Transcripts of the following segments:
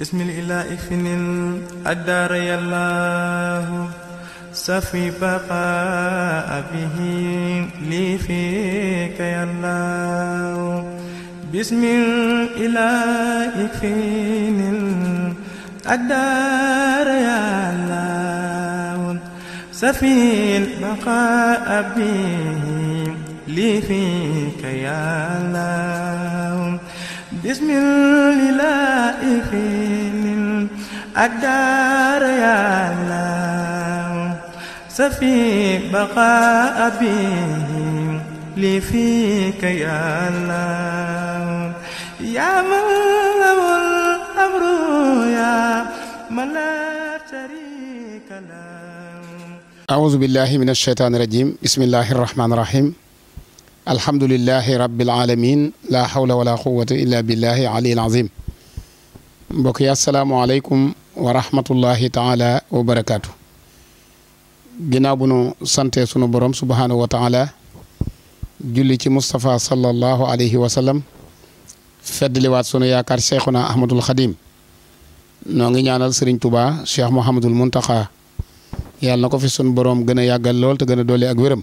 بسم الإله فن الدار يا الله سفي بقاء به لي فيك يا الله بسم الإله فن الدار يا الله سفي البقاء به لي فيك يا الله bismillaahi fiinin addaar yaa laaw safi baqaa abihim li fiika yaa laaw yaa man lahul amru yaa man laa shariika lahu auzu billaahi mina shaytaani rajiim bismillaahi rahmaani rahiim alhamdulilahi rabbi alamin la hawla wala quwata illa billahi alil azim mbokk yi asalaamualeykum wa rahmatullahi taala wa barakaatu ginnaaw sante sunu borom subhanahu wa julli ci moustapha sunu yaakaar cheikhuna ahmadul xadim noo ngi ñaanal sëriñ tuba cheikh mouhamadul muntaxa yàlla na ko fi sunu borom gën a yàggal lool te gën a doole ak wéram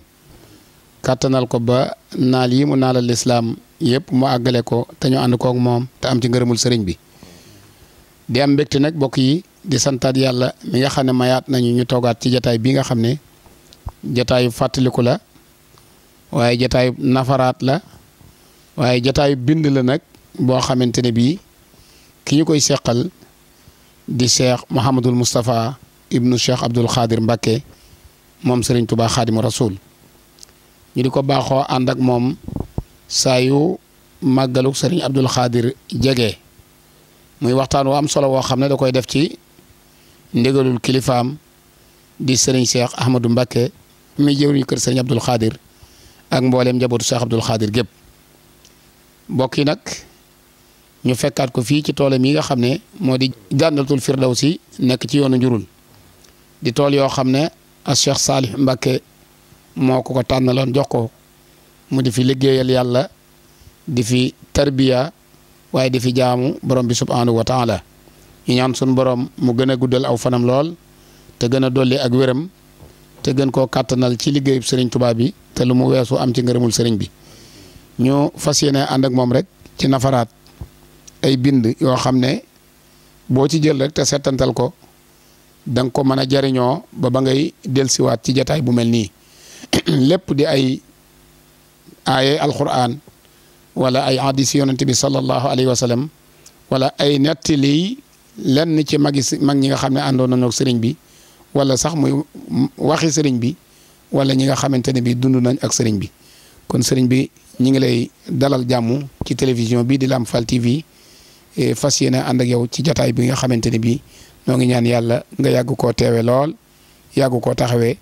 kàttanal ko ba naal yi mu naalal islaam yëpp mu àggale ko te ñu ànd kook moom te am ci ngërëmul sëriñ bi di am mbégte nag bokk yi di santaat yàlla mi nga xam ne mayaat nañu ñu toogaat ci jataay bi nga xam ne jataayu fàttaliku la waaye jataayu nafaraat la waaye jataayu bind la nag boo xamante ne bii ki ñu koy seqal di cheikh Mouhamadul mustafa ibnu cheikh Abdoul Khadir Mbacké moom Serigne Touba Khadimu Rasoul ñu di ko baaxoo ànd ak moom saayu yu màggaluk sëriñ Abdul Xaadir jege muy waxtaan wu am solo woo xam ne da koy def ci ndigalul kilifaam di sëriñ Cheikh Ahmadou Mbacké mi jëwriñu kër sëriñ Abdul Xaadir ak mbooleem njabootu Cheikh Abdul Xaadir gépp mbokk yi nag ñu fekkaat ko fii ci toolam yi nga xam ne moo di jànnatul firdawsi nekk ci yoonu njurul di tool yoo xam ne ak Cheikh Salih Mbacké moo ko ko tànnaloon jox ko mu di fi liggéeyal yàlla di fi tarbiya waaye di fi jaamu borom bi subhaanahu wa taala ñu ñaan sun borom mu gën a guddal aw fanam lool te gën a dolli ak wéram te gën koo kàttanal ci liggéeyub sëriñ tubaab bi te lu mu weesu am ci ngërëmul sëriñ bi ñu fas yéene ànd ak moom rek ci nafaraat ay bind yoo xam ne boo ci jël rek te settantal ko danga ko mën a jariñoo ba ba ngay dellusiwaat ci jataay bu mel nii lépp di ay aayee alquran wala ay hadis yonente bi sallallahu alayhi wa wala ay nettali lenn ci magi mag ñi nga xam ne àndoon nañoo sëriñ bi wala sax muy waxi sëriñ bi wala ñi nga xamante ne bi dund nañ ak sëriñ bi kon sëriñ bi ñi ngi lay dalal jàmmu ci télévision bii di lam Lamfal TV eh, fas yéene ànd ak yow ci jataay bi nga xamante ne bii noo ngi ñaan yàlla nga yàggu koo teewe lool yàggu koo taxawee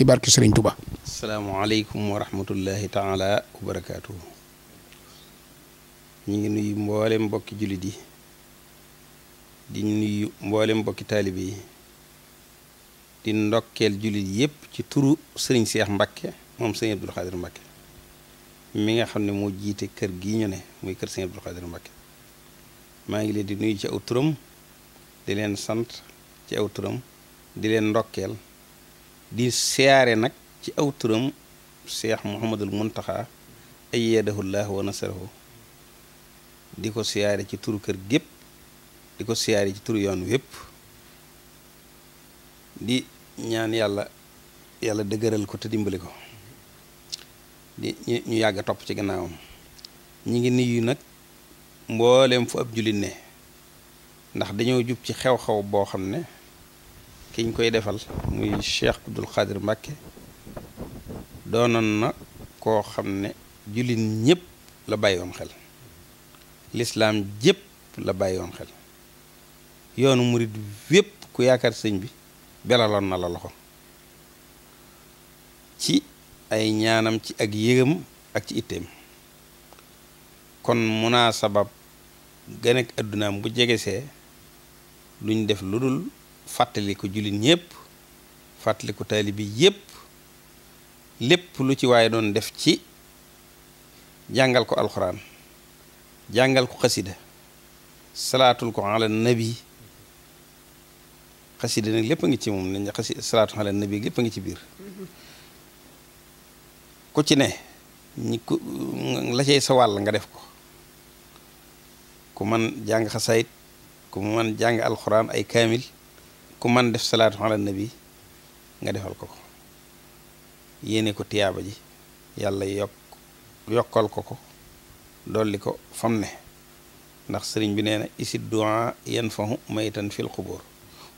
ci barke Serigne Touba. salaamaaleykum wa rahmatullahi taala wa barakaatu. ñu ngi nuyu mboolem mbokki jullit yi di nuyu mboolem mbokki taalibe yi di ndokkeel jullit yépp ci turu Serigne Cheikh Mbacke moom Serigne Abdoul Khadir Mbacke mi nga xam ne moo jiite kër gi ñu ne muy kër Serigne Abdoul Khadir Mbacke maa ngi leen di nuyu ci aw turam di leen sant ci aw turam di leen ndokkeel. di siyaare nag ci aw turam cheikh muhammadul muntaxa ayyadahullah wa nasarahu di ko siyaare ci turu kër gépp di ko siyaare ci turu yoon wépp di ñaan yàlla yàlla dëgëral ko te dimbali ko di ñu yàgg topp ci gannaawam ñi ngi nuyu nag mbooleem fu ab jullit ne ndax dañoo jub ci xew-xew boo xam ne ki koy defal muy Cheikh Abdoul Khadir Mbacke doonoon na koo xam ne jullit ñëpp la bàyyoon xel lislaam jépp la bàyyoon xel yoonu murit wépp ku yaakaar sëñ bi belaloon na la loxo ci ay ñaanam ci ak yëgam ak ci itteem kon munaa sabab ganek addunaam bu jegesee luñ def lu dul fàttali ko jullit ñépp fàttali ko taalibi yépp lépp lu ci waaye doon def ci jàngal ko alxuraan jàngal ko xasida salaatul ko ala nabi xasida nag lépp a ngi ci moom nañ xasi salaatul ala nabi lépp a ci biir ku ci ne ñi ku la cay sa wàll nga def ko ku man jàng xasaayit ku man jàng alxuraan ay kaamil ku man def salaatu ala nabi nga defal ko ko yéene ko tiyaaba ji yàlla yokk yokkal ko ko dolli ko fam ne ndax sëriñ bi nee na isi du'a yanfahu maytan fil xubóor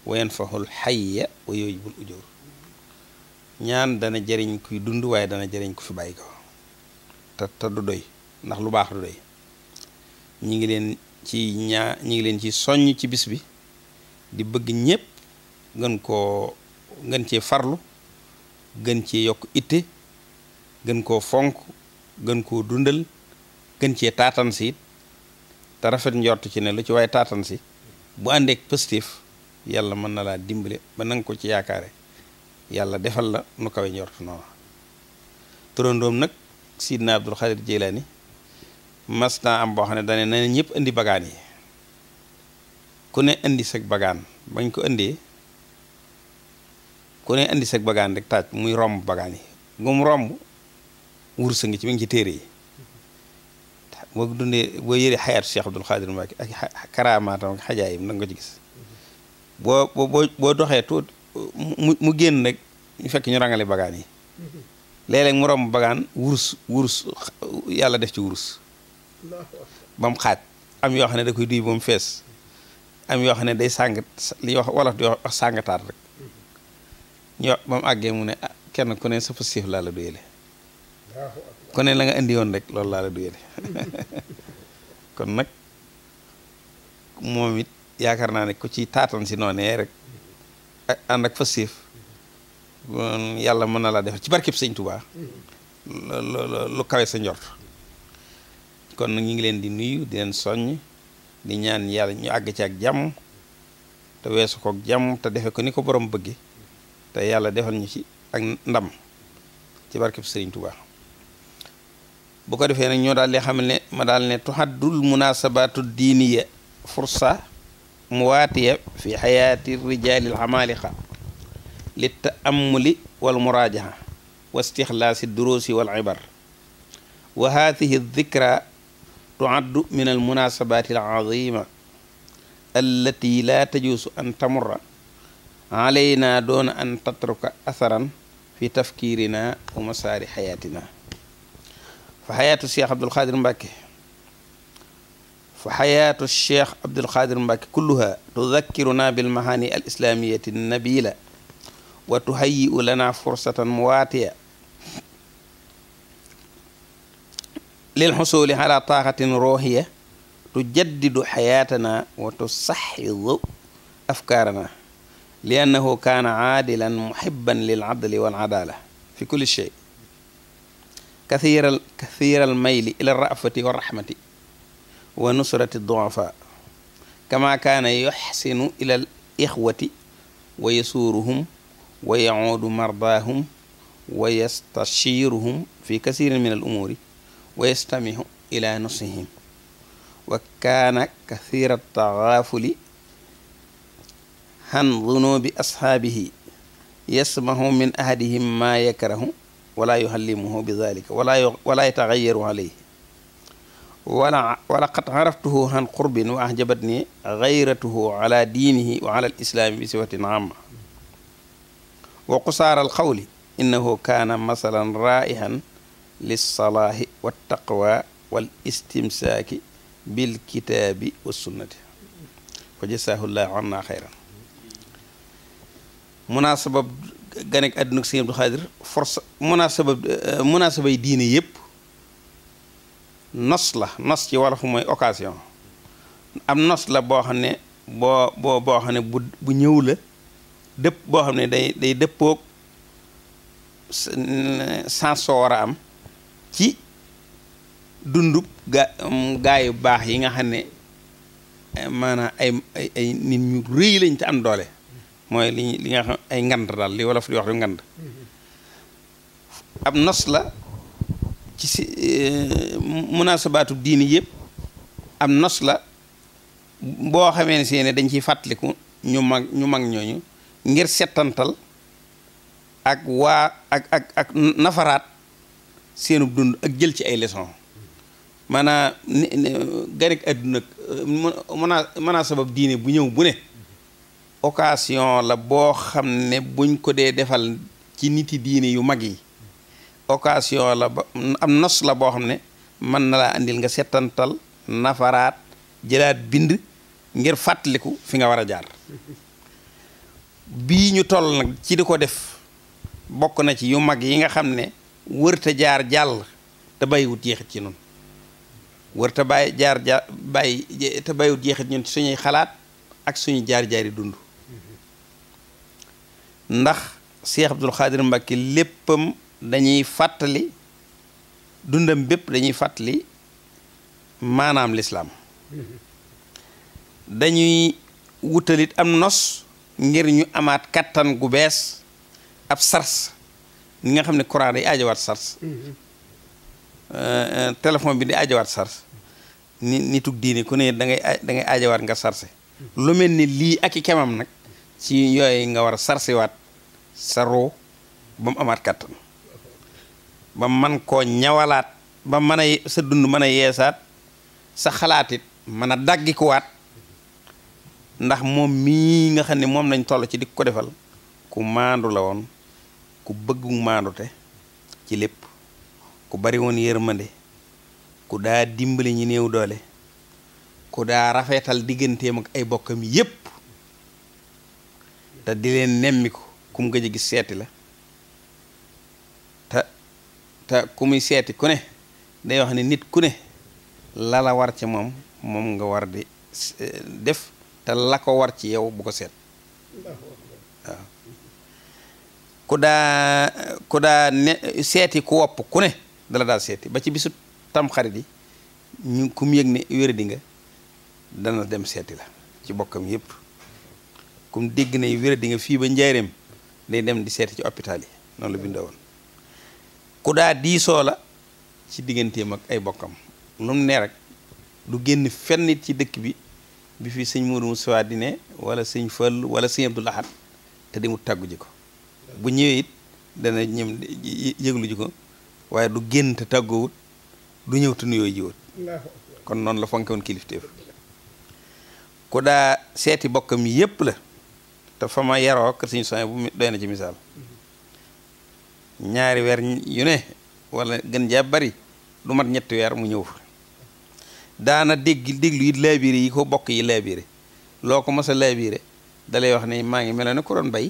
wa yanfahul xayya wa yujibul ujóor ñaan dana jariñ kuy dund waaye dana jariñ ku fi bàyyi ko te te du doy ndax lu baax du doy ñi ngi leen ci ñaa ñu ngi leen ci soññ ci bis bi di bëgg ñépp gën koo gën cee farlu gën ci yokk itte gën koo fonk gën koo dundal gën cee taatan si it te rafet njort ci ne lu ci waaye taatan si bu àndeek positif yàlla mën na laa dimbale ba nanga ko ci yaakaare yàlla defal la nu kawe njort noonu turandoom nag sidna abdul xadir jeylaani mas naa am boo xam ne dane na ñëpp indi bagaan yi ku ne indi sag bagaan bañ ko indee ku ne indi sag bagaan rek taaj muy romb bagaan yi gum romb wursa ngi ci mi ngi ci téere yi boo dundee boo yëree xayaatu Cheikh Abdoul Khadir Mbacké ak karaamaatam ak xajaayam da nga ci gis boo boo doxee tuut mu mu génn rek ñu fekk ñu rangale bagaan yi léeg-léeg mu romb bagaan wurus wurus yàlla def ci wurus ba mu xaaj am yoo xam ne da koy duy ba fees am yoo xam ne day sàng li wax wolof di wax sàngataat rek yo ba mu àggee mu ne ah kenn ku ne sa positif laa la duyele ku ne la nga indi woon rek loolu laa la duyele kon nag moom it yaakaar naa ne ku ci taatan si noonee rek ak ànd ak yàlla mën na laa defar ci barkeb sëñ Tuubaa lu kawe sa njort kon nag ñu ngi leen di nuyu di leen soññ di ñaan yàlla ñu àgg ci ak jàmm te weesu kook jàmm te defe ko ni ko borom bëgge te yàlla defal ñu ci ak ndam ci barkeb sëriñ ko defee nag ñoo daal di xam ne ma daal ne tuhaddul munasabatu diiniya fursa muwaatiya fi xayaati rijaali alxamaaliqa li taamuli wal muraajaha wa istixlaasi duruusi wal ibar wa haadihi dikra tuaddu min almunasabaati alazima allati laa tajuusu an tamurra alayna doona an tatruka asaran fi tafkiirina wa masaari xayaatina fa xayaatu cheikh abdulxaadir mbàkke fa xayaatu cheikh abdulxaadir mbàkke kulluha tudakkiruna bilmahaani al islaamiyati nabila wa tuhayi'u lana fursatan muwaatiya lil xusuli ala taaxatin ruuxiya tujaddidu xayaatana wa tusaxidu afkaarana li annahu kaana aadilan muhibban lil adli wal adaala fi kulli shay kathiiral kathiiral mayli ila rafati wa rahmati wa nusrati duafa kama kaana yuxsinu ila al ixwati wa yasuuruhum wa yacuudu mardaahum wa yastashiiruhum fi kasiirin min al umuuri wa yastamihu ila nusihim wa kaana kathiira taxaafuli han dunubi ashaabihi yasmahu min ahadihim maa yakrahu wala yuhallimuhu bi dalika wala wala yataxayaru alayhi wala walaqad araftuhu han qurbin wa ahjabatni gayratuhu ala diinihi wa ala alislaami bi sifatin amma wa qusaara alqawli innahu kaana masalan raa'ihan lissalaahi wattaqwa wal istimsaaki bilkitaabi wassunnati fa jasaahu llahu anna xayran munaasabab ganek àdduna ak Sëriñ Abdou Khadir force munaasabab euh, munaasabay diine yëpp nos la nos ci wolof mooy occasion am nos la boo xam ne boo xam ne bu bu ñëw la dëpp boo xam ne day day dëppoog sens war a am ci dundub ga mm, gaayu baax yi nga xam ne eh, maanaa ay ay nit ñu rëy lañ te am doole mooy li li nga xam ay ngand daal li wolof di wax ngand ab nos la ci si eh, munaasabaatu diini yëpp am nos la boo xamee ne si dañ ciy fàttaliku ñu mag ñu mag ñooñu ngir setantal ak waa ak ak ak nafaraat seenub dund ak jël ci ay leçon maanaam ganek àdduna eh, mën a bu ñëw bu ne occasion la boo xam ne buñ ko dee defal ci niti diine yu mag yi occasion la ba am nos la boo xam ne mën na laa indil nga settantal nafaraat jëlaat bind ngir fàttaliku fi nga war a jaar bii ñu toll nag ci di ko def bokk na ci yu mag yi nga xam ne wërta jaar jàll te bàyyiwut jeexit ci ñun wërta bàyyi jaar jaar bàyyi te bàyyiwut jeexit ñun suñuy xalaat ak suñu jaar jaari dund ndax Cheikh Abdoul Khadir Mbacke léppam dañuy fàttali dundam bépp dañuy fàttali maanaam lislaam dañuy wutalit am nos ngir ñu amaat kattan gu bees ab sars ñi nga xam ne courant day aajawaat sars euh, euh, téléphone bi di aajawaat sars ni ni tug diine ku ne da ngay da nga sarse lu mel ni lii ak i kemam nag ci yooyu nga war a sarsiwaat sa ruu ba mu amaat kàttan ba man koo ñawalaat ba mën a sa dund mën a yeesaat sa xalaatit mën a daggikuwaat ndax moom mii nga xam ne moom lañ toll ci di ko defal ku maandu la woon ku bëggu maandute ci lépp ku bari woon yërmande ku daa dimbali ñi néew doole ku daa rafetal digganteem ak ay bokkam yépp te di leen nemmiku kum gëj a gis seeti la te te ku muy seeti ku ne day wax ne nit ku ne la la war ci moom moom nga war di eh, def te la ko war ci yow bu ko seet waaw ku daa ku daa ne seeti ku wopp ku ne dala daal seeti ba ci bisu tamxarit yi ñu ku mu yëg ne wér di nga dana dem seeti la ci bokkam yépp kum dégg ne wér di nga fii ba njaareem day dem di seeti ci hôpital yi noonu la bindoo woon ku daa diisoo la ci digganteem ak ay bokkam lu ne rek du génn fenn ci dëkk bi bi fi sëñ Mourou Moussa di ne wala sëñ Fall wala sëñ laxat te di mu tàggu ji ko bu ñëwee it dana ñëm yëglu ji ko waaye du génn te tàggoowut du ñëw yooyu nuyoo jiwut kon noonu la fonke woon kilifteef ku daa seeti bokkam yépp la te fa ma yaroo kër Sëriñ Suhaybu bu doy na ci misaal ñaari weer yu ne wala gën jaa bari lu mat ñetti weer mu ñëw fa daana dégg déglu it laabiré yi ko bokk yi laabiré loo ko mos a laabiré dalay wax ne maa ngi mel ne ku doon bay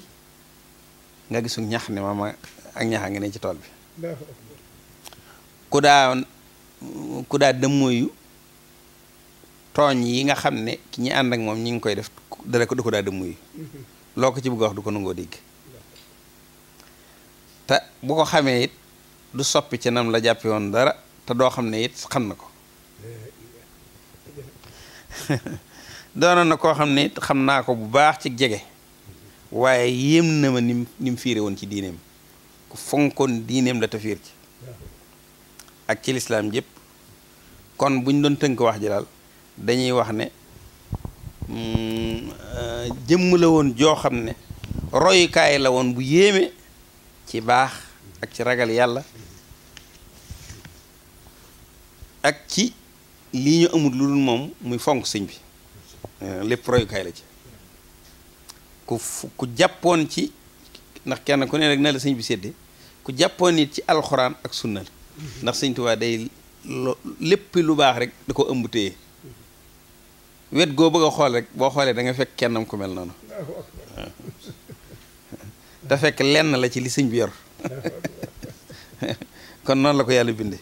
nga gisu ñax ne ma ma ak ñaxa ngi ne ci tool bi ku daa ku daa dëmmooyu tooñ yi nga xam ne ki ñi ànd ak moom ñi ngi koy def dara ko da ko daa dëmmooyu loo ko ci bëgg wax du ko nangoo dégg te bu ko xamee it du soppi ci nam la jàppe woon dara te doo xam ne it xam na ko doonoon na koo xam ne xam naa ko bu baax ci jege waaye yéem na ma nim fiire woon ci diineem ku fonkoon diineem la te fiir ci ak ci lislaam yëpp kon bu ñu doon tënk wax ji daal dañuy wax ne mm, jëmm la woon joo xam ne royukaay la woon bu yéeme ci baax ak ci ragal yàlla ak ci lii ñu amul lu dul moom muy fonk sëñ bi euh, lépp royukaay la ci ku ku jàppoon ci ndax kenn ku ne rekk na la sëñ bi séddee ku jàppoon it ci alxuraan ak sunna ndax sëñ day lépp lu baax rek da ko ëmb téye wet goo bëgg a xool rek boo xoolee da nga fekk kennam ku mel noonu te fekk lenn la ci li sëñ bi yor kon noonu la ko yàlla binde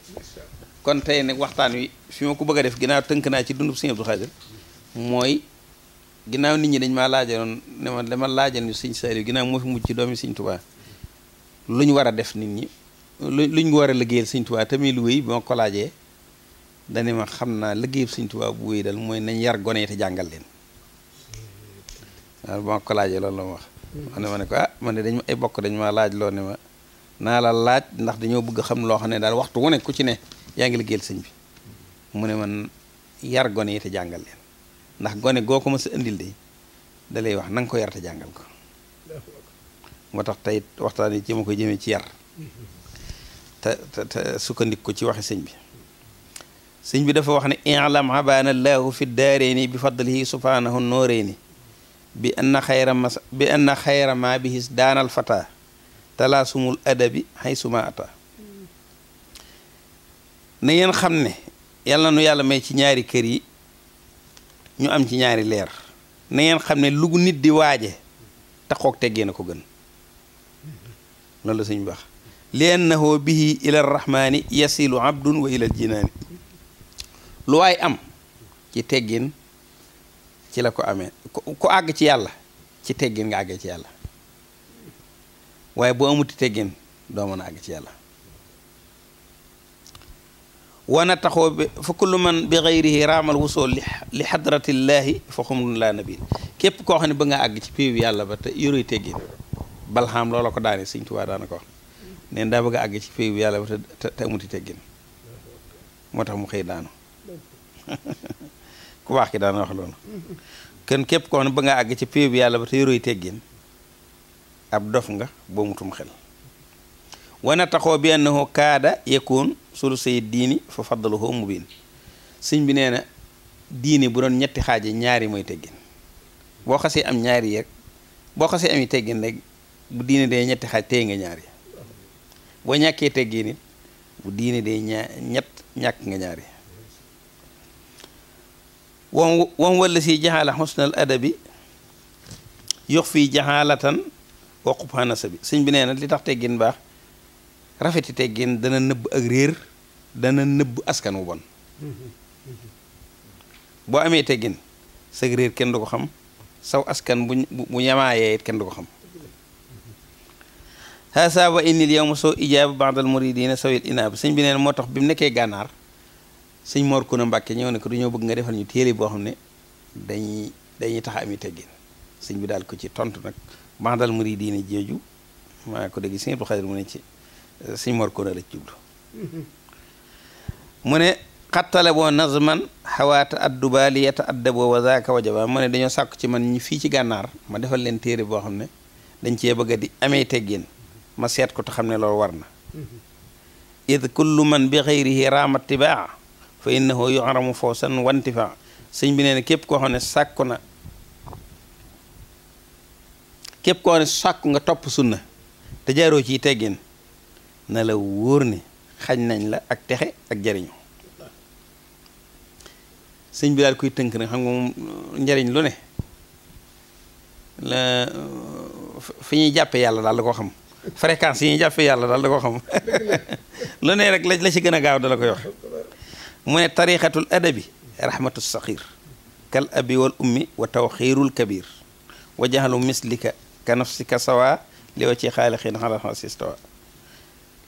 kon tey nag waxtaan wi fi ma ko bëgg a def ginnaaw tënk naa ci dundu dundub sëñ Abdou Khadir mooy ginnaaw nit ñi dañ maa laajaloon ne ma dama laaja ñu sëñ Saliou ginnaaw moo fi mujj ci doomi sëñ Touba lu ñu war a def nit ñi lu ñu war a liggéeyal sëñ Touba tamit lu wéy bi ma ko laajee dani ma xam naa liggéeyub Sëñ Tuubaa dal mooy nañ yar gone yi te jàngal leen waaw ba ma ko laajee wax. ne ma ne ko ah man de bokk dañ ma laaj loo ne ma naa la laaj ndax dañoo bëgg xam loo xam ne daal waxtu wu ne ku ci ne yaa ngi liggéeyal sëñ bi mu ne man yar gone yi te jàngal leen ndax gone goo ko ma sa indil de da wax nanga ko yar jàngal ko moo tax tey waxtaan yi ci ma ko jëmee ci yar mm-hmm. te te sukkandiku ko ci waxi sëñ bi. sëñ bi dafa wax ne ilam abaana llaahu fi daareeni bi fadlihi subhaanahu nooreeni bi anna xayra ma bi anna xayra ma bihis daanal fata talaasumul adabi xay suma ata na ngeen xam ne yàlla nu yàlla may ci ñaari kër yi ñu am ci ñaari leer na ngeen xam ne lugu nit di waaje te xoog teggee na ko gën loolu la sëñ bi wax li annahu bihi ila rrahmaani yasilu abdun wa ila aljinaani lu waay am ci teggin ci la ko amee ku àgg ci yàlla ci teggin nga àggee ci yàlla waaye boo amuti teggin doo mën a àgg ci yàlla wana taxoo bi fa kullu man bi gayrihi raamal wusool li xadratillaahi foo xumrun laa nabil képp koo xam ne ba nga àgg ci péew yàlla ba te ko daane sëñ Tuubaa ko daa bëgg a àgg amuti teggin moo tax mu xëy daanu ku baax ki daan wax loolu kenn képp koo xam ba nga àgg ci pay yàlla ba te yoroy teggin ab dof nga boo mutum xel wana taxoo bi annahu kaada yakun sulu say diini fa faddaluhu mubin sëñ bi nee na diini bu doon ñetti xaaji ñaari mooy teggin boo xasee am ñaari yeeg boo xasee ami teggin rek bu diine dee ñetti xaaj ñaa ñett ñàkk nga ñaari wam wam walla si jaxaala xusnal adabi yox fii jaxaalatan wa qubhaana sabi sëñ bi nee li tax teggin baax rafeti teggin dana nëbb ak réer dana nëbb askan wu bon boo amee teggin sag réer kenn du ko xam saw askan bu bu ñamaayee kenn du ko xam saa wa innil yawma soo ijaaba baadal muridina sawil inaab sëñ bi nee moo tax bi mu nekkee gànnaar sëñ Mor Kuna Mbàkke ñëw ne ko du ñoo bëgg nga defal ñu téere boo xam ne dañuy dañuy tax ami teggin sëñ bi daal ko ci tontu nag bandal muri diine jooju maa ko dégg sëñ Abdu Xaadir mu ne ci sëñ Mor la mu ne xattale boo nazman xawaata adduba li yata addaboo wa zaaka wajaba mu ne dañoo sàkku ci man ñu fii ci gànnaar ma defal leen téere boo xam ne dañ cee bëgg a di amee teggin ma seet ko te xam ne lool war na kullu man bi xayrihi raama tibaa fa innahu yu'ramu fawsan wantifa sëñ bi nee na képp koo xam ne sàkku na képp koo xam ne sàkku nga topp sunna te jaaroo ci teggin na la wóor ni xañ nañ la ak texe ak jariñu sëñ bi daal kuy tënk nag xam nga moom uh, njariñ lu ne la uh, fi ñuy jàppe yàlla daal da ko xam fréquence yi ñuy jàppe yàlla daal da ko xam lu ne rek la ci gën a gaaw dala la koy wax mu ne tariqatul adabi rahmatu saxir kal abi wal ummi wa tawxiirul kabir wa jaxalu mislika ka nafsika sawa li wa ci xaalixiin xalasistawa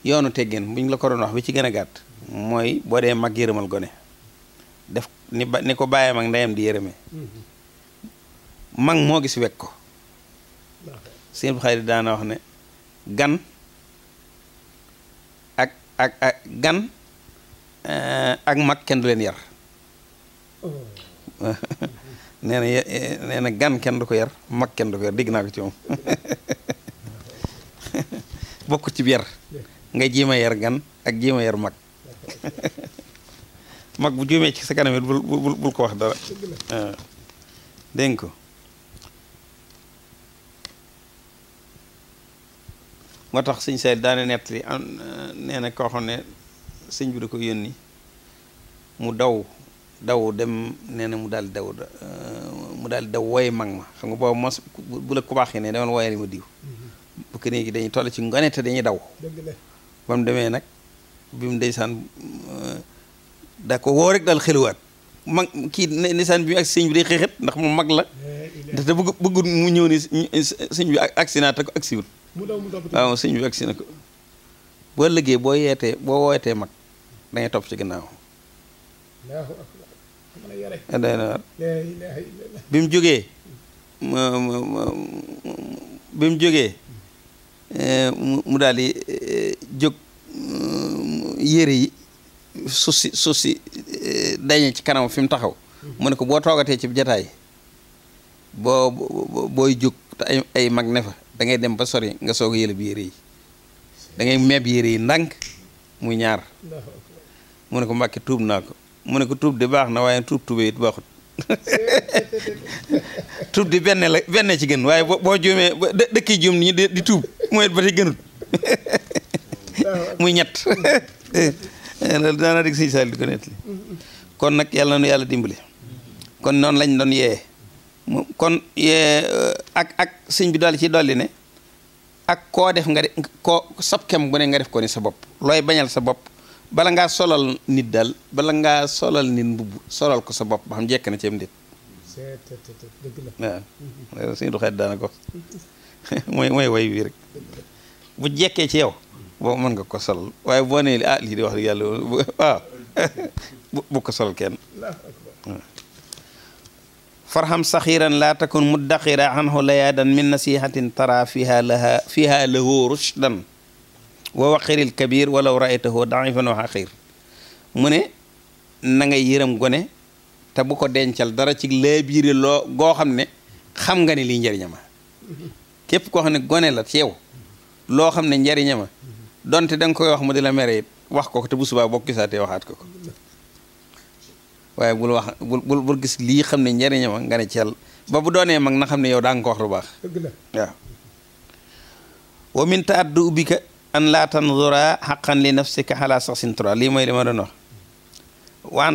yoonu teggin buñ la ko doon wax bi ci gën a gàtt mooy boo dee mag yërëmal gone def ni ko bàyyam ak ndeyam di yërëmee mag moo gis wekk ko bu xarit daana wax ne gan ak ak gan Eh, ak mag kenn du leen yar oh. nee na eh, nee gan kenn du ko yar mag kenn du ko yar dégg naa ko ci moom bokk ci yar nga jéem yar gan ak jéem a yar mag mag bu juumee ci sa kanam it bul bul ko wax dara eh. dégg ko moo tax suñ say daane nettali am nee koo xam ne sëñ bi da ko yónni mu daw daw dem nee na mu daal daw euh, mu daal daw wooye mag ma xam nga boobu mos bu la ku baaxee ne demal wooyali ma diw bu ko léegi dañuy ci ngone te daw ba demee nag bi mu ndeysaan euh, da ko woo rek daal xeluwaat mag kii ndeysaan bi mu ak sëñ ndax mu mag la te bëgg bëggul mu ñëw ni sëñ bi agsi naa te ko agsiwul waaw sëñ bi agsi na ko boo liggéey boo yeetee boo wootee mag dangay topp ci ginnaaw bi mu jógee bi mu jógee mu daal jóg yére yi suuf si suuf si eh, dañe ci kanam fi mu taxaw mu ne ko boo toogatee ci jataay boo booy jóg te ay mag ne fa da dem ba sori nga soog a yële bi yére yi da meeb yére yi ndànk muy ñaar mu ne ko mbàkke tuub naa ko mu ne ko tuub de baax na waaye tuub tuube it baaxut tuub di benn la benn ci gën waaye boo juumee dëkki juum ni di tuub mooy ba ci gënut muy ñett loolu daanaa dégg siñu saali di ko nettali kon nag yàlla nu yàlla dimbali kon noonu lañ doon yee kon yee uh, ak ak sëñ bi daal ci dolli ne ak koo def nga de ko sab kem bu ne nga def ko ni sa bopp looy bañal sa bopp bala ngaa solal nit dal bala ngaa solal nit mbubb solal ko sa bopp ba njekk na ceeb ndit waaw suñu du xet mooy way wi bu jekkee ci yow boo mën nga ko solal waaye boo nee li ah lii di wax yàlla waaw bu ko solal kenn farham saxiran laa takun muddaqira anhu layaadan min nasihatin tara fiha laha fiha lahu rushdan wa waqiril kabir walaw raaytahu daifan wa xaqir mu ne na ngay yërëm gone te bu ko dencal dara ci laabiire loo goo xam ne xam nga ne lii njariñama képp koo xam ne gone la ci loo xam ne njariñama donte da nga koy wax mu di la mere wax ko te bu subaa boo gisaatee waxaat ko ko waaye bul wax bul bul gis lii xam ne njariñama nga ne ci ba bu doonee mag na xam ne yow daa ko wax lu baax waaw wa min taaddu ubika an laa tanzura xaqan li nafsika xalaa saxsin tura lii mooy li ma doon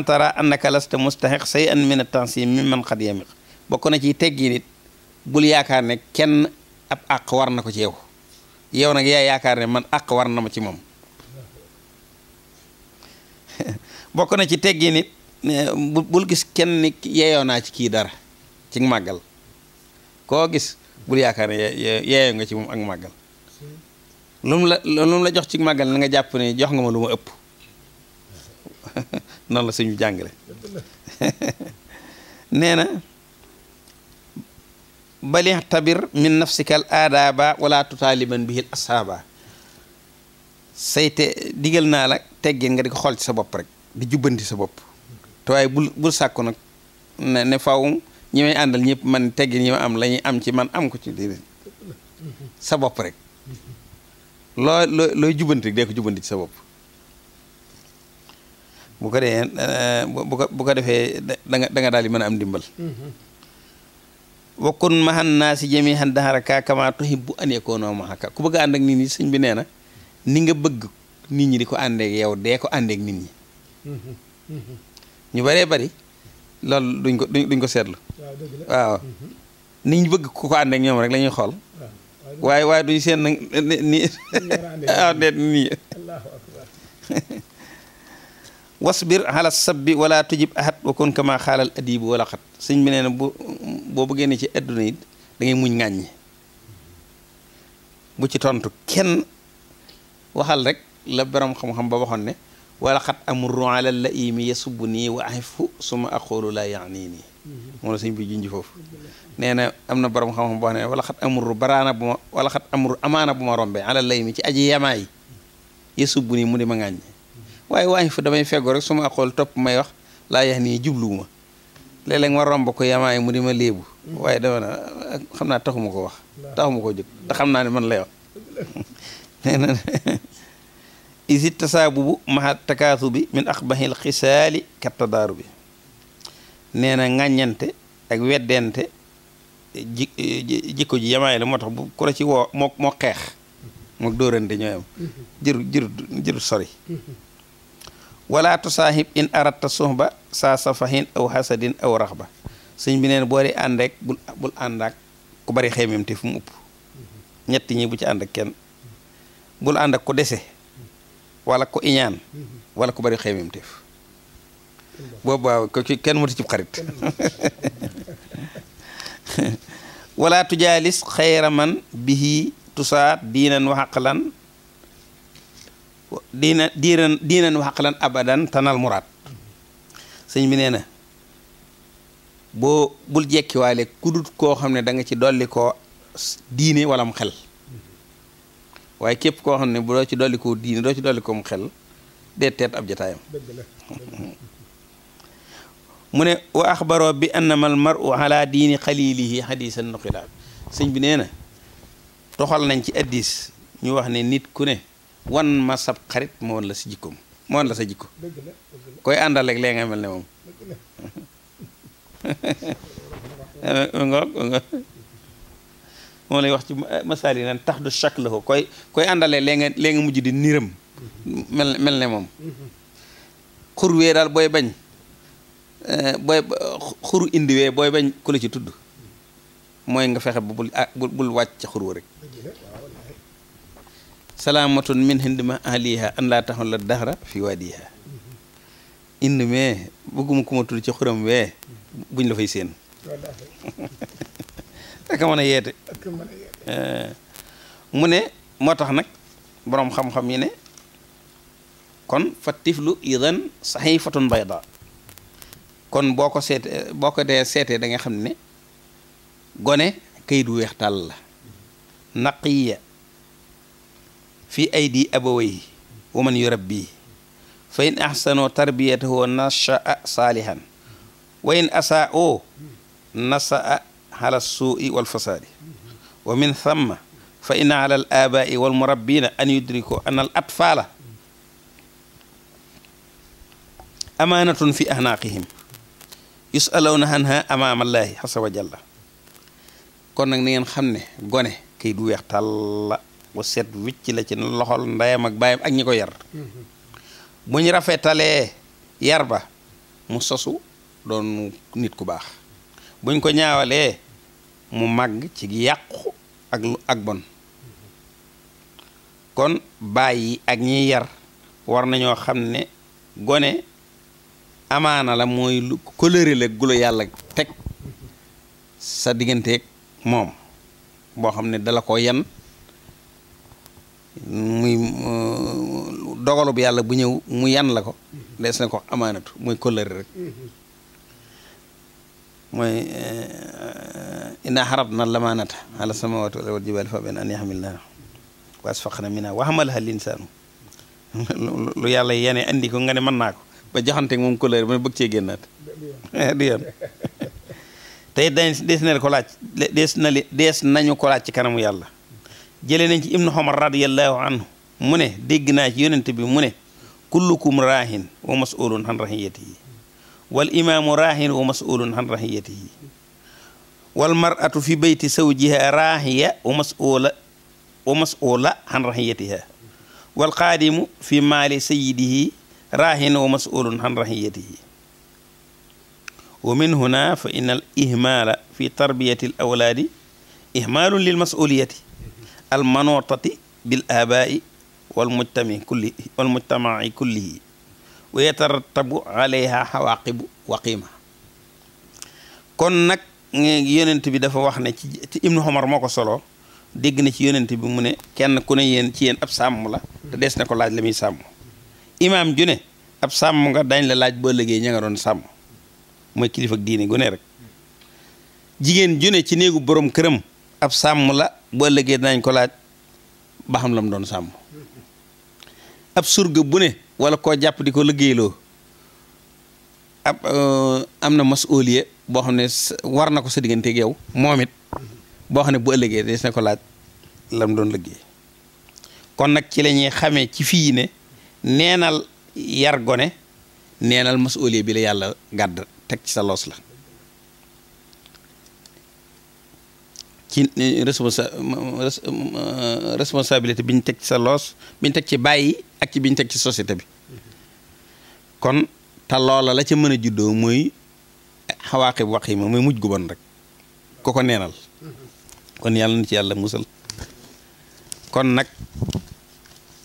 tara annaka lasta mustaxiq say an min atansim mi man xad yamiq bokk na ci teggi nit bul yaakaar ne kenn war na ko ci yow yow nag yaa yaakaar ne man àq war na ci moom bokk na ci teggi nit bul gis kenn ni naa ci kii dara ci màggal koo gis bul yaakaar ne yeeyoo nga ci moom ak màggal lu mu la lu la jox ci màggal na nga jàpp ne jox nga ma lu ma ëpp noonu la suñu jàngale nee na balix tabir min nafsikal aadaaba wala tutaaliban bihil asaaba sayte digal naa la teggin nga di ko xool ci sa bopp rek di jubbanti sa bopp te waaye bul bul sàkku nag ne ne faw ñi may àndal ñëpp man teggin ñi ma am lañuy am ci man am ko ci déedéet sa bopp rek loo loo looy jubanti dee ko jubanti ci sa bopp bu ko dee eh, bu ko bu defee da nga da daal di mën a am ndimbal wakkun maxan naa si jami xan daxara kaa kama tuhibbu an yakuunu maxaka ku bëgg a ànd ak nit ñi sëñ bi nee na ni nga bëgg nit ñi di ko àndeek yow dee ko àndeek nit ñi ñu bëree bari loolu duñ ko duñ ko seetlu waaw nit ñi bëgg ku ko àndeek ñoom rek la ñuy waaye waaye duñ seen nag nii ah déet nii wasbir ala sabbi wala tujib ahad wa kun kama xaalal adibu wala xat sëñ bi nee na ci adduna yi da ngay muñ ŋàññi bu ci tontu kenn waxal rek la borom xam-xam ba waxoon ne wala xat amru ala la imi yasubbu nii wa ahifu suma aqulu la yaanii nii moom la sëñ foofu nee na am na borom xam-xam boo xam ne xat amuru baraana bu ma wala xat amuru amaana bu ma rombee ala lay mi ci aji yamaay yesub bu nii mu di ma ngaañ waaye waañ fa damay feggoo rek su ma xool topp may wax laa yeex nii jubluwuma léeg-léeg romb ko yamaay mu di ma léebu waaye dama na xam naa taxuma ko wax taxuma koo jóg te xam naa ne man lay wax isit tasaabubu maha takaasu bi min aqbahil xisaali kattadaaru bi nee na ŋàññante ak weddente jikko ji yamaay la moo bu ku ci woo moo moo xeex moo dóorante ñooyam jëru jëru jëru sori wala tusaahib in aratta suhba saa safahin aw hasadin aw raxba sëñ bi neen boo di ànd bul bul ànd ku bari xeymam te mu upp ñetti ñi bu ci ànd ak kenn bul ànd ak ku dese wala ku iñaan wala ku bari xeymam teef boobaa ko ci kenn mënut ci xarit wala tujaalis xayra man bihi tusaat diinan wa xaqlan diina diinan diinan wa xaqlan abadan tanal muraad sëñ bi nee na boo bul jekkiwaale kudut koo xam ne danga ci dolli koo diine wala mu xel waaye képp koo xam ne bu doo ci dolli koo diine doo ci dolli koo mu xel dee teet ab jataayam mu ne wa axbaroo bi annama al maru ala diini xalilihi xadisan nuqila sëñ bi nee na toxal nañ ci addis ñu wax ne nit ku ne wan ma sab xarit moo wan la si jikkoom moo wan la sa jikko koy àndal ak lee nga mel ne moom lay wax ci masaali nan tax du chak la ko koy koy mujj di niram mm-hmm. mel mel ne moom mm-hmm. xurwee daal booy bañ Eh, booy xuru indiwee booy bañ ku ci tudd mooy nga fexe ba bul ah, bul wàcc ca xur wa rek salaamatun min hindima ahliha an laa taxal la dahra fi waadiha indi mee bëgguma ku tudd ci xuram wee buñ la fay seen ak mën eh, mu ne moo tax nag boroom xam-xam yi ne kon fa tiflu idan saxifatun bayda kon boo ko seetee boo ko dee seetee da xam ne gone kayit weex tàll la naqiya fi aydi abawayhi wa man yurabbi fa in ahsano tarbiyatahu nasha'a saalihan wa in asaa'o nasa'a ala suu'i wal fasaadi wa min thamma fa inna abaai wal murabbina an yudriku an al atfaala amaanatun fi ahnaqihim yusalawna anha amaama allaahi xasa wa kon nag na ngeen xam ne gone kay du weex tàll la bu set wicc la ci loxol ndeyam ak baayam ak ñi ko yar mm-hmm. bu ñu rafetalee yar ba mu sosu doon nit ku baax buñ ko ñaawalee mu màgg ci yàqu ak lu ak bon mm-hmm. kon baay yi ak ñiy yar war nañoo xam ne gone amaana la mooy lu coloré la gula yàlla teg sa digganteeg moom boo xam ne dala ko yan muy uh, dogalub yàlla bu ñëw mu yan la ko des na ko amaanatu mooy coloré rek mooy uh, inna xarab na lamaanata ala samawati wal jibaali fa benn an yaxmilnaha wasfaqna minha waxamalha linsaanu lu yàlla yene andi ko nga ne mën naa ko ba joxante moom couleur ba bëgg cee génnaat eh, di yoon tey dañ dees na ko laaj dees na li dees nañu ko laaj ci kanamu yàlla jëlee nañ ci ibnu xomar radiallahu anhu mu ne dégg naa ci bi mu ne kullukum raahin wa masulun an rahiyatihi wal imaamu raahin wa masulun an rahiyatihi wal mar'atu fi bayti sawjiha raahiya wa masula wa masula an rahiyatiha wal qaadimu fi maali sayyidihi raahin wa mas'ulun an rahiyatihi wa min huna fa in al ihmaala fi tarbiyati awlaadi ihmaalun lil mas'uliyati al manootati bil aabaa'i wal mujtami kulli wal mujtamaci kullihi wa yatarattabu waqiima kon nag yonent bi dafa wax ne ci ci Ibnu Omar solo dégg na ci yonent bi mu ne kenn ku ne yéen ci yéen ab sàmm la te des na ko laaj la muy sàmm imaam ju ab sàmm nga dañ la laaj boo ëllëgee ña nga doon sàmm mooy kilifa ak diine gu rek jigéen ju ne ci néegu boroom këram ab sàmm la boo ëllëgee dinañ ko laaj ba xam la mu doon sàmm ab surga bu ne wala koo jàpp di ko liggéeyloo ab euh, am na mas masuuliya boo xam ne war na ko sa digganteeg yow moom it boo xam ne bu ëllëgee des na ko laaj la mu doon liggéey kon nag ci la ñuy ci fii ne neenal yar gone neenal masuuliya bi la yàlla gàdd teg ci sa loos la ci responsa responsabilité bi ñu teg ci sa loos bi ñu teg ci bàyyi ak ci bi ñu teg ci société bi kon te loola la ca mën a juddoo mooy xawaaqi bu wax yi ma muy mujj gu rek ko ko neenal kon yàlla na ci yàlla musal kon nag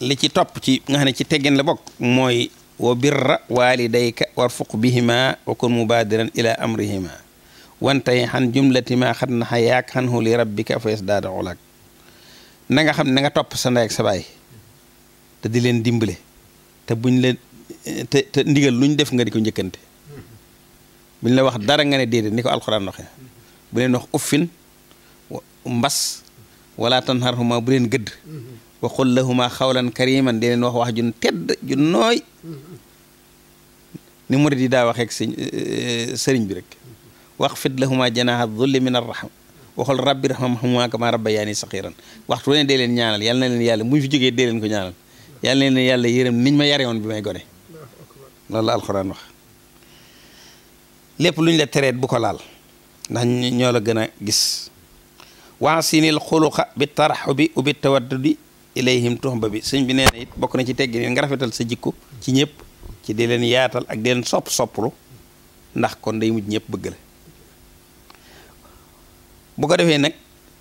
li ci topp ci nga xam ci teggin la bokk mooy wa birra walidayka warfuq bihima wa kun mubadiran ila amrihima wantay xan jumlati ma xat na xa xan hu rabbika fa yasdaada ulak nga xam nanga na nga topp sa ndey ak sa te di leen dimbale te buñ leen te ndigal luñ def nga di ko njëkkante buñ la wax dara nga ne déedéet ni ko alxuraan waxee bu leen wax uffin mbas wala tanharhuma bu leen gëdd wa qul lahuma xawlan kariman di leen wax wax jun tedd ju nooy ni murid di daa waxeek sëñ eh, sëriñ bi rek wax fit lahuma janaha dulli min arrahma waxul rabbi rahmahuma kama rabbayaani saxiran waxtu ne dee leen ñaanal yal na leen yàlla muy fi jógee dee ko ñaanal yal na leen yàlla yërëm niñ ma yare woon bi may gone loolu la alxuraan wax lépp luñ ñu la tereet bu ko laal ndax ñoo gën a gis waasinil xuluqa bi taraxubi ubi tawaddudi ilayhim tuhba bi sëñ bi nee na bokk na ci teggin nga rafetal sa jikko ci ñëpp ci di leen yaatal ak di leen sopp sopplu ndax kon day mujj ñëpp bëgg la bu ko defee nag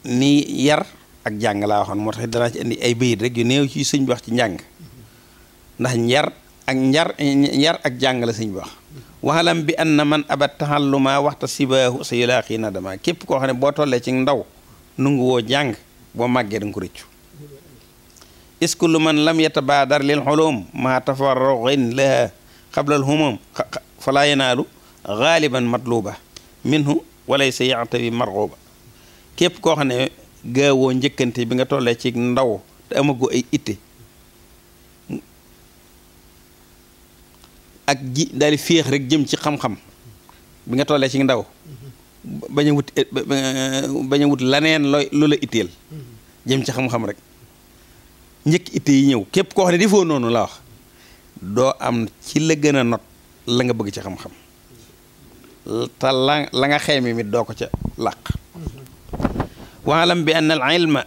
ni yar ak jàng laa moo tax danaa ci indi ay bayit rek yu néew ci sëñ bi wax ci njàng ndax njar ak ak jàng la sëñ bi wax waxalam bi am na man abat taxalluma waxta sibaahu sa yulaaqi na dama képp koo xam ne boo tollee ci ndaw nungu woo jàng boo màggee da ko rëccu is kullu man lam yatabaadar lil xulum maa tafarruqin laha qabla al humum falaa yanaalu gaaliban matluuba minhu walaysa yaxtawi marxuuba képp koo xam ne gaawoo njëkkante bi nga tollee ci ndaw te amagoo ay itte ak ji daal di féex rek jëm ci xam-xam bi nga tollee ci ndaw bañ wut laneen loola itteel jëm ci xam-xam rek njëkk itte yi ñëw képp koo xam ne defoo noonu la wax doo am ci la gën a not la nga bëgg ci xam-xam te la la nga xayma mit doo ko ca làq waalam bi ann al ilma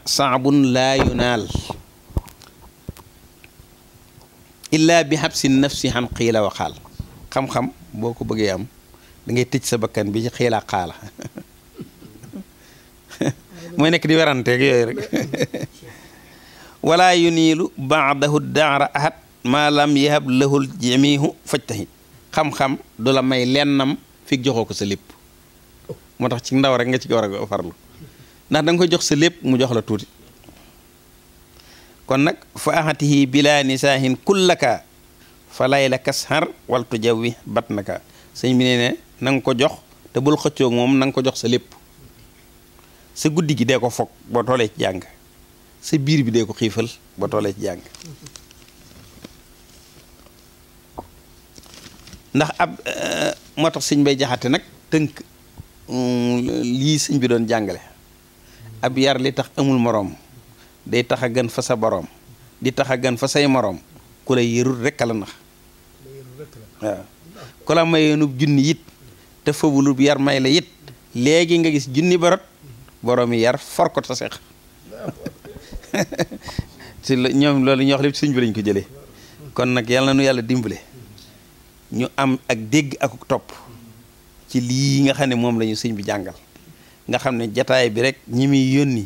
bi xabsi nafsi xan xiila wa xam-xam boo ko bëggee am da ngay tëj sa bakkan bi ci xiila xaala mooy nekk di weranteeg yooyu rek wala yuniilu baadahu daara ahad maa lam yahab lahul jamihu fajtahid xam-xam du la may lennam fi joxoo ko sa lépp moo tax ci ndaw rek nga ci war a farlu ndax da koy jox sa lépp mu jox la tuuti kon nag fa ahatihi bila nisaahin kullaka fa lay la kashar wal tujawi bat naka sëñ bi nee ne na ko jox te bul xëccoog moom nanga ko jox sa lépp sa guddi gi dee ko foog boo toolee ci jàng sa biir bi dee ko xiifal ba toolee ci jàng ndax ab eh, moo tax sëñ bay jaxate nag tënk mm, lii sëñ bi doon jàngale ab yar li tax amul moroom day tax a gën fa sa boroom di tax a gën fa say moroom ku la yërul rekk la nax waaw ku la mayeenub junni it te fabulub yar may la it léegi nga gis junni barot boroomi yar for ko taseex ci ñoom loolu ñu wax lépp sëñ bi lañ ko jëlee kon nag yàlla na nu yàlla dimbale ñu am ak dégg ak topp ci lii nga xam ne moom la sëñ bi jàngal nga xam ne jataay bi rek ñi muy yónni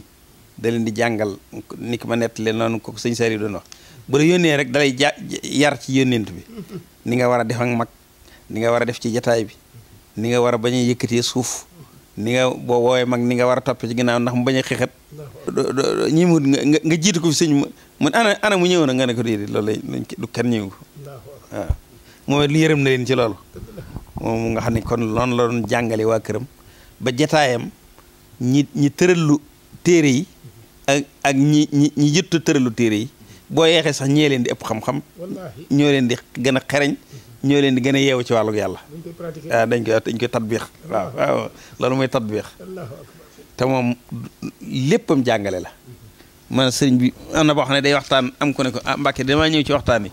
da leen di jàngal ni ki ma leen noonu ko sëñ Saliou doon wax bu la yónnee rek dalay ja yar ci yónnent bi ni nga war a def ak mag ni nga war a def ci jataay bi ni nga war a bañ a suuf ni nga boo woowee mag ni nga war a topp ci ginnaaw ndax mu bañ a xixat ñi mu nga nga jiitu ko fi sëñ mun ana mu ñëw na nga ne ko déedéet loolu lañ du kenn ñëw ko waaw moom leen ci nga xam ne kon loolu la doon jàngale waa këram ba jataayam ñi ñi tërallu téere yi ak ñi ñi ñi jëttu tëralu téere yi boo yeexee sax ñee leen di ëpp xam-xam ñoo leen di gën a xereñ ñoo leen di gën a yeewu ci wàllug yàlla waaw dañ koy ah, dañ tatbiix waaw loolu mooy tatbiix te moom léppam jàngale la man sëriñ bi am na boo xam ne day waxtaan am ko ne ko ah Mbàkke damaa ñëw ci waxtaan yi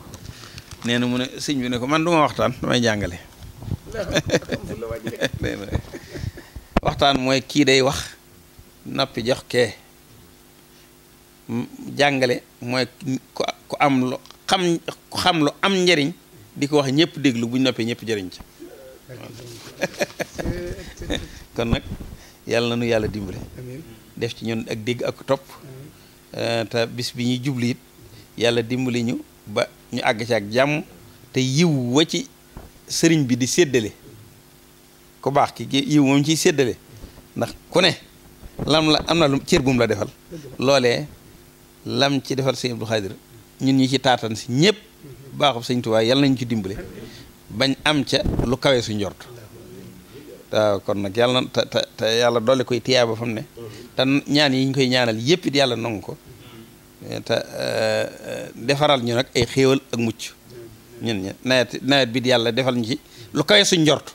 nee na mu ne sëriñ bi ne ko man du waxtaan damay jàngale waxtaan mooy kii day wax noppi jox kee jàngale mooy ku am lu xam lu am njariñ di ko wax ñëpp déglu bu ñu noppee ñëpp jëriñ ci kon nag yàlla na nu yàlla dimbale def ci ñun ak dégg ak topp eh, te bis bi ñuy jublu it yàlla dimbali ñu ba ñu àgg ci ak jàmm te yiw wa ci sëriñ bi di séddale ku baax ki yiw moom ciy séddale ndax ku ne lam la am na lu cër bu la defal loolee lam ci defal sëñ Abdou Khadir ñun ñi ci taatan si ñëpp baaxub sëñ Tuubaa yàlla nañu ci dimbale bañ am ca lu kawee su njort waaw kon nag yàlla na koy tiyaa ba fam ne te ñaan yi ñu koy ñaanal yëpp it yàlla nangu ko eh, defaral ñu nag ay xéewal ak mucc ñun ñe nawet nawet bi yàlla defal ñu ci lu kawee su njort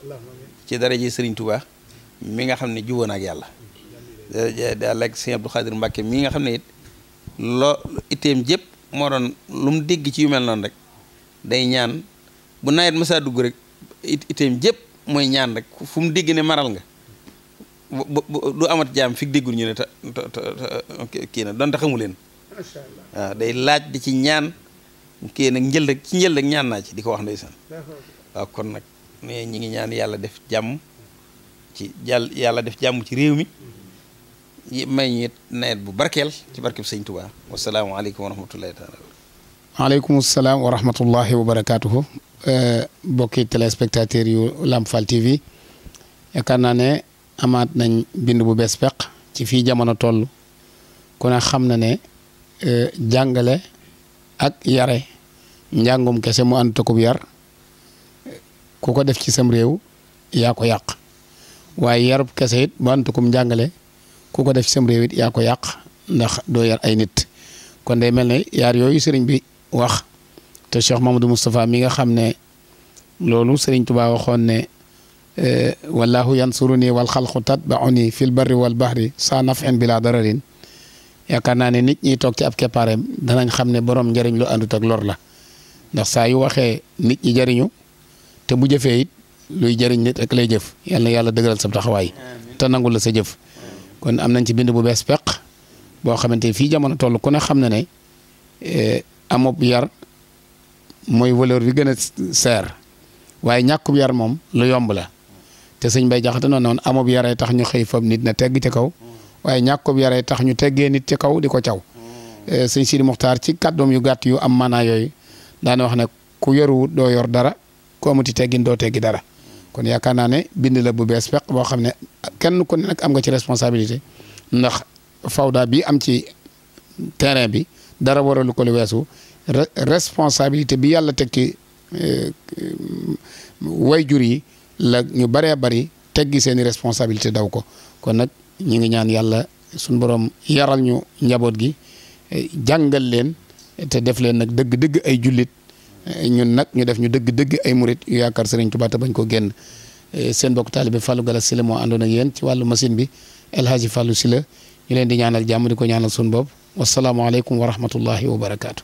ci dara ji sëriñ Tuubaa mi nga xam ne jubóo na ak yàlla daal ak sëñ Abdou Khadir Mbacke mi nga xam ne it loo itteem jëpp moo doon lu mu dégg ci yu mel noonu rek day ñaan bu nawet masaa dugg rek it itam jëpp mooy ñaan rek fu mu dégg ne maral nga du amat jaam fi déggul ñu ne ta kii na donte xamu leen waaw day laaj di ci ñaan kii nag njël rek ci njël rek ñaan naa ci di ko wax ndeysaan waaw kon nag ne ñi ngi ñaan yàlla def jàmm ci jàll yàlla def jàmm ci réew mi may ñu it bu barkeel ci barkeb sëñ Tuubaa wasalaamualeykum wa rahmatullahi taala waaleykum salaam wa rahmatullahi wa barakaatuhu eh, bokki téléspectateurs yu Lamp Fall TV yaakaar naa ne amaat nañ bind bu bees peq ci fii jamono toll ku ne xam na ne eh, jàngale ak yare njàngum kese mu ànd takub yar ku ko def ci sam réew yaa ko yàq waaye yarub kese it mu ànd takub njàngale ku ko def ci sam réew it yaa ko yàq ndax doo yar ay nit kon day mel ne yar yooyu sëriñ bi wax te Cheikh Mamadou Moustapha mi nga xam ne loolu sëriñ Tuubaa waxoon ne eh, wallahu yansuruni wal xalqu tatbauni fil barri wal bahri sa nafin bila dararin yaakaar naa ne nit ñi toog ci ab keppaareem danañ xam ne borom njariñ lu àndut ak lor la ndax saa yu waxee nit ñi jëriñu te bu jëfee it luy jëriñ nit ak lay jëf yal yàlla dëgëral sa taxawaay te nangul la sa jëf kon am nañ ci bind bu bees peq boo xamante ni fii jamono toll ku ne xam na ne e, amub yar mooy valeur bi gën a seer waaye ñàkkub yar moom lu yomb la te sëñ bay jaxate noonu noonu amub yaree tax ñu xëy fab nit na tegg ci kaw waaye ñàkkub yaree tax ñu teggee nit ci kaw di ko caw e, sëñ Sidi Muxtaar ci kàddoom yu gàtt yu am maanaa yooyu daan wax ne ku yoruwut doo yor dara koomuti amuti teggin doo teggi dara kon yaakaar naa ne bind la bu bees peq boo xam ne kenn ko ne am nga ci responsabilité ndax fawda bi am ci terrain bi dara waralu ko lu weesu responsabilité bi yàlla teg ci euh, wayjur yi la ñu bëree bëri teggi seen i responsabilité daw ko kon nag ñi ngi ñaan yàlla suñ borom yaral ñu njaboot gi euh, jàngal leen te def leen nag dëgg-dëgg ay jullit ñun nag ñu def ñu dëgg-dëgg ay murit yu yaakaar Serigne Touba te bañ ko génn eh, seen bokk taalibe Fallou Galass Sylla moo àndoon ak yéen ci wàllu machine bi El Hadji Fallou ñu leen di ñaanal jàmm di ko ñaanal suñu bopp wasalaamualeykum wa rahmatullahi wa barakaatu.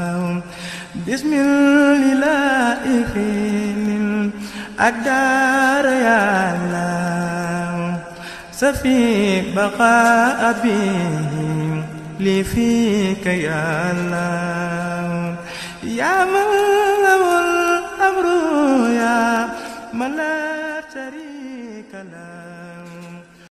bismillahi finin الدار يا الله سفي بقاء به لي فيك يا الله يا من له الأمر يا من له